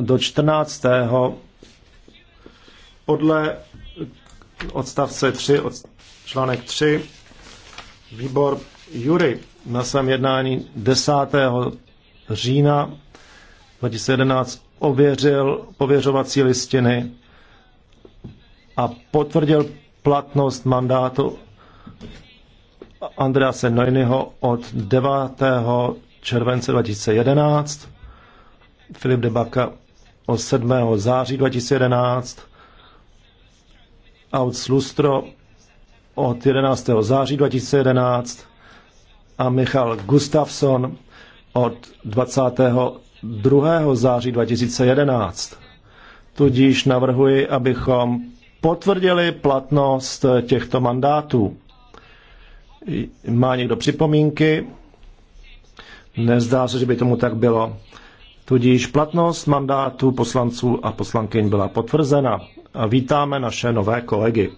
do 14. podle odstavce 3, od, článek 3, výbor Jury na svém jednání 10. října 2011 ověřil pověřovací listiny a potvrdil platnost mandátu Andrease Nojnyho od 9. července 2011, Filip Debaka o 7. září 2011, Aut Slustro od 11. září 2011 a Michal Gustafsson od 22. září 2011. Tudíž navrhuji, abychom potvrdili platnost těchto mandátů. Má někdo připomínky? Nezdá se, že by tomu tak bylo. Tudíž platnost mandátu poslanců a poslankyň byla potvrzena a vítáme naše nové kolegy.